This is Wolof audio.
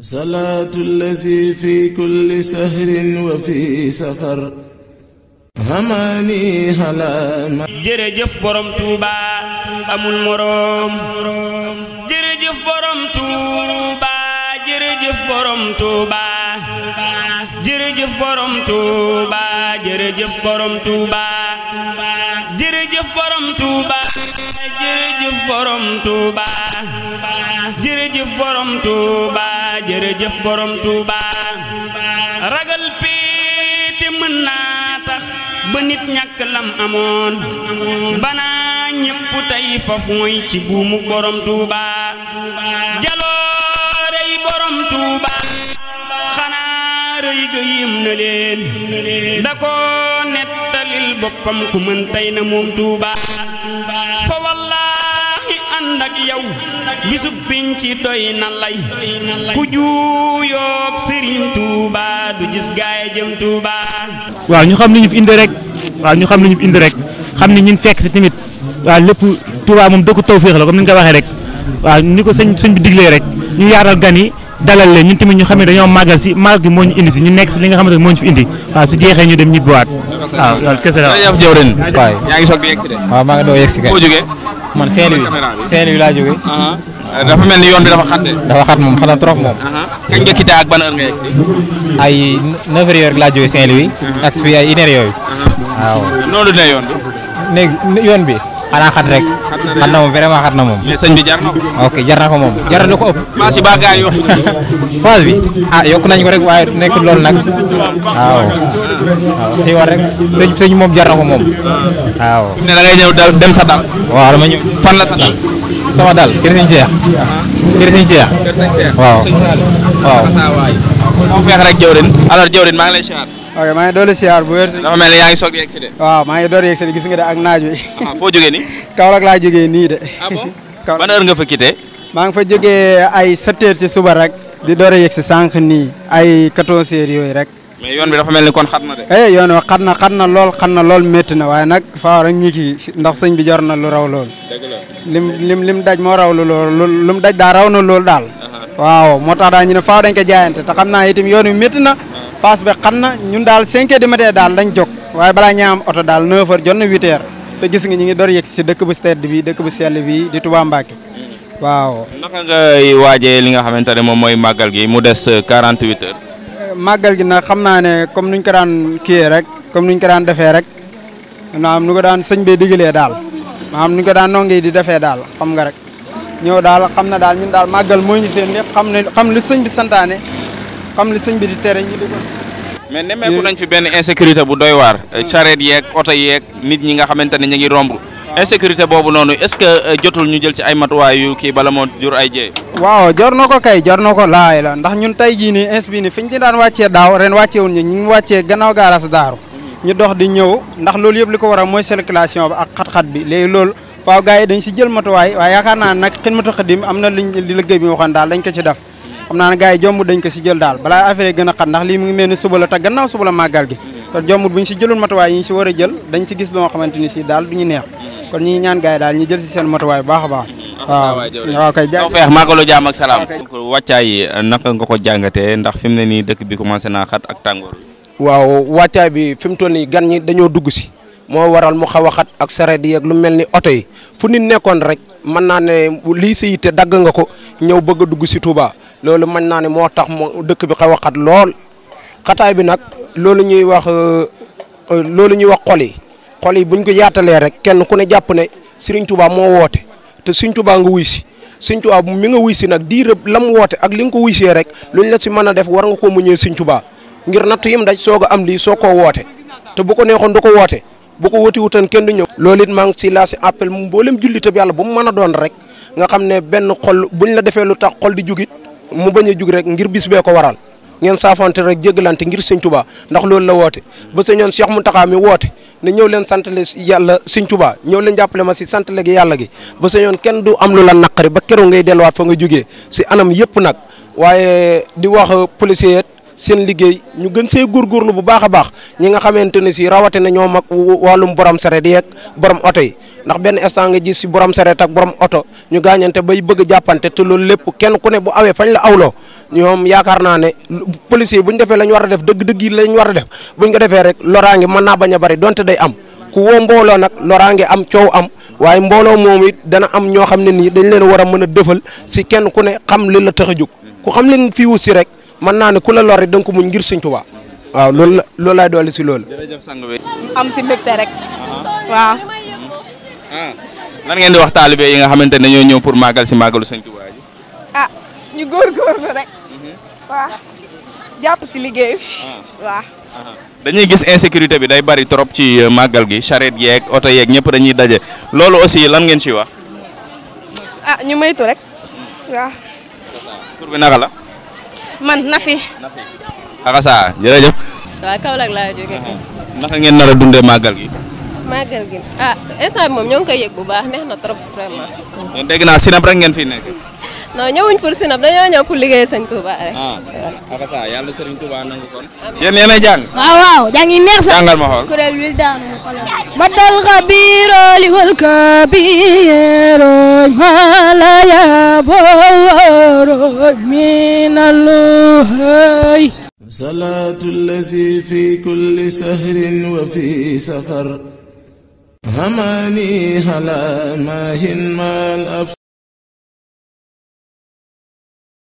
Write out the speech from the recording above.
salaatu allazi fi kulli sahrin wa fi safar hamani halama jërëjëf borom Touba amul moroom jërëjëf borom Touba jërëjëf borom Touba jërëjëf borom Touba jërëjëf borom Touba jërëjëf borom Touba jërëjëf borom Touba jërëjëf borom Touba ragal péete mën naa tax ba nit ñàkk lam amoon banaa ñépp tey faf mooy ci buumu borom Touba jaloorey borom Touba xanaa rëy ga na leen da ko nettalil boppam ku mën tey na moom Touba ànd ak yow bisub ci doy na lay ku juuyoog Serigne Touba du gis gaay jëm Touba. waaw ñu xam ni ñu fi indi rek waaw ñu xam ni ñu fi rek xam ni ñun fekk si tamit waaw lépp Touba moom dëkku tawféex la comme ni nga ko waxee rek waaw ni ko sëñ sëñ bi diglee rek ñu yaatal gan yi dalal leen ñun tamit ñu xam ne dañoo màggal si màgg moo ñu indi si ñu nekk si li nga xamante ne moo ñu fi indi waaw su jeexee ñu dem ñibbiwaat waaw maa ngi doon yegg si kay. man Saint-Louis Saint-Louis laa jógee. Uh-huh. dafa mel ni yoon bi dafa xat de. dafa xat moom xanaa trop moom. Uh-huh. kañ nga quitté ak ban heure nga yegsi. ay 9 heures laa jógee Saint-Louis. Uh-huh. ay une heure yooyu. waaw noonu la yoon bi. léegi yoon bi. xanaa xat rek. xat na moom a xat na moom. na ko. ok jar na ko moom jar na ko ëpp. paas yi baa gaa yoo. paas bi ah yokk nañ ko rek waaye nekkul loolu nag waaw. Ah. waaw xëy war rek sëñ sëñ moom jar na ko moom waaw. ne da ngay ñëw dem sa dal. waaw fan la sa dal. sama dal kër sëñ Cheikh. Uh-huh. kër waaw. waaw. ok maa ngi dolli siyaar waaw maa ngi door yegg si de gis nga de ak naaj wi. Ah, foo jógee nii. laa jógee nii de. ah bon ban heure nga fa quitté. maa ngi fa joge ay 7 heures suba rek. di door a yegg si sànq nii ay 14 heures yooyu rek. mais yoon bi dafa mel ni kon xat na de. eh yoon wa xat na xat na lool xat na lool métti na waaye nag faaw rek ñi kii ndax sëñ bi jor na lu raw lool. dëgg la lim lim lim daj moo raw lu lool lu mu daj daa raw na lool daal. waaw moo tax daal ñu ne faaw dañ ko jaayante te xam naa itam yoon wi métti na paas bi xam na ñun daal dañ heures du matin daal lañ jóg waaye balaa ñaa am oto daal 9 heures na 8 te gis nga ñu ngi door yegg si dëkk bu sedd bi dëkk bu sell bi di Touba Mbacké waaw. naka li nga xamante ne moom mooy màggal gi mu des 48 heures. màggal gi nag xam naa ne comme nuñ ko daan kiiyee rek comme nuñ ko daan defee rek maanaam nu ko daan sëñ bee digalee daal maanaam nu ko daan nongee di defee daal xam nga rek ñëw daal xam na daal ñun daal màggal moo ñu seen lépp xam ne xam lu sëñ bi santaane. xam li sëñ bi di tere ñi di ko mais nemmeeku nañ fi benn insécurité bu doy waar hmm. charrette yeeg oto yeeg nit ñi nga xamante ne ñu ngi romb insécurité boobu noonu est-ce que euh, jotul ñu jël ci ay matuwaay yu kii bala moo jur ay jéey waaw jor na ko kay jor na ko laay la ndax ñun tey jii ni ins bi ni fi ñu di daan wàccee daaw ren wàccee wuñ ñu ñu wàccee gannaaw gaaraas daaru hmm. ñu dox di ñëw ndax lool yëpp li ko waral mooy circulation bi ak xat-xat bi léegi loolu faaw gars jël matuwaay waaye yaakaar naa nag xidmatu xadim am na liñ li liggéey bi daal dañ ko ci def xam naa ne gars yi jombut dañ ko si jël daal balaa affaire yi gën a xat ndax lii mu ngi mel ni suba la te gannaaw suba la màggal gi te jombut bu ñu si jëlul matuwaay yi ñu si war a jël dañ si gis loo xamante ni si daal du ñu neex kon ñu ngi ñaan gars yi daal ñu jël si seen matuwaay bu baax a baax waaw waaw kay jaajëf feex màggalu jaam ak salaam wàccaay naka nga ko jàngatee ndax fi mu ne nii dëkk bi commencé naa xat ak tàngoor waaw wàccaay bi fi mu toll nii gan ñi dañoo dugg si moo waral mu xaw a xat ak sareet yi ak lu mel ni oto yi fu nit nekkoon rek mën naa ne lii sa yitte dagg nga ko ñëw bëgg dugg si Touba loolu mën naa ne moo tax mu dëkk bi xaw a xat lool xataay bi nag loolu ñuy wax euh, loolu ñuy wax xol yi xol yi buñ ko yaatalee rek kenn ku ne jàpp ne Serigne Touba moo woote te Serigne Touba nga wuy si Serigne Touba mi nga wuy si nag diirëb la mu woote ak li nga ko wuy see rek luñ la si mën a def war nga koo muñee Serigne Touba ngir natt yim daj soog am lii soo koo woote te bu ko neexoon du ko woote bu ko woti wutan kenn du ñëw. loolu it maa ngi si laa si appel mboolem jullit bi yàlla bu mu mën a doon rek nga xam ne benn xol buñ la defee lu tax xol di jugit mu bañ a jug rek ngir bis bee ko waral ngeen saafante rek jéggalante ngir sëñ Tuubaa ndax loolu la woote ba sañoon Cheikh Mountakha mi woote ne ñëw leen santale yàlla sëñ Tuubaa ñëw jàppale ma si santale gi yàlla gi ba sañoon kenn du am lu la naqari ba keroog ngay delluwaat fa nga jógee si anam yëpp nag waaye di wax policier seen liggéey ñu gën see lu bu baax a baax ñi nga xamante ne si rawatina ñoo mag wàllum borom seret yeeg borom oto yi ndax benn instant nga gis si borom seret ak borom oto ñu gaañante bay bëgg a jàppante te loolu lépp kenn ku ne bu awee fañ la awloo ñoom yaakaar naa ne policier bu ñu defee la ñu war a def dëgg-dëgg yi la war a def buñ ñu defee rek loraange mën naa bañ a bari donte day am ku woo mbooloo nag loraange am coow am waaye mbooloo moom it dana am ñoo xam ne nii dañ leen war a mën a defal si kenn ku ne xam li la tax a jóg ku xam leen fii si rek mën naa ne ku la lor rek da nga ko muñ ngir Sëñ waaw loolu la loolu laay dolli si loolu. jërëjëf sang bi. am si mbégte rek. Uh-huh. waaw. Ah. lan ngeen di wax taalibe yi nga xamante ne ñoo ñëw pour màggal si màggalu Sëñ Tuubaa ji. ah ñu góorgóorlu rek. Uh-huh. jàpp si liggéey uh-huh. dañuy gis insécurité bi day bari trop ci uh, màggal gi charrette yeeg oto yeeg ñëpp dañuy daje loolu aussi lan ngeen ci wax. ah ñu moytu rek waaw. la. man Nafi. Nafi Akassa jërëjëf. waaw Kaolack laa jógee. naka ngeen nar a dundee màggal gi. màggal gi ah instant bi moom ngi koy bu baax neex na trop vraiment. kon dégg naa sinap rek ngeen fi nekk. non ñëwuñ pour sinap dañoo ñëw pour liggéey sëñ Touba rek. ah Akassa yàlla sëriñ Touba nangu مد الغبير والكبير ولا يبور من الله صلاة الذي في كل سهر وفي سفر هماني هلا ماهن ما الأبصار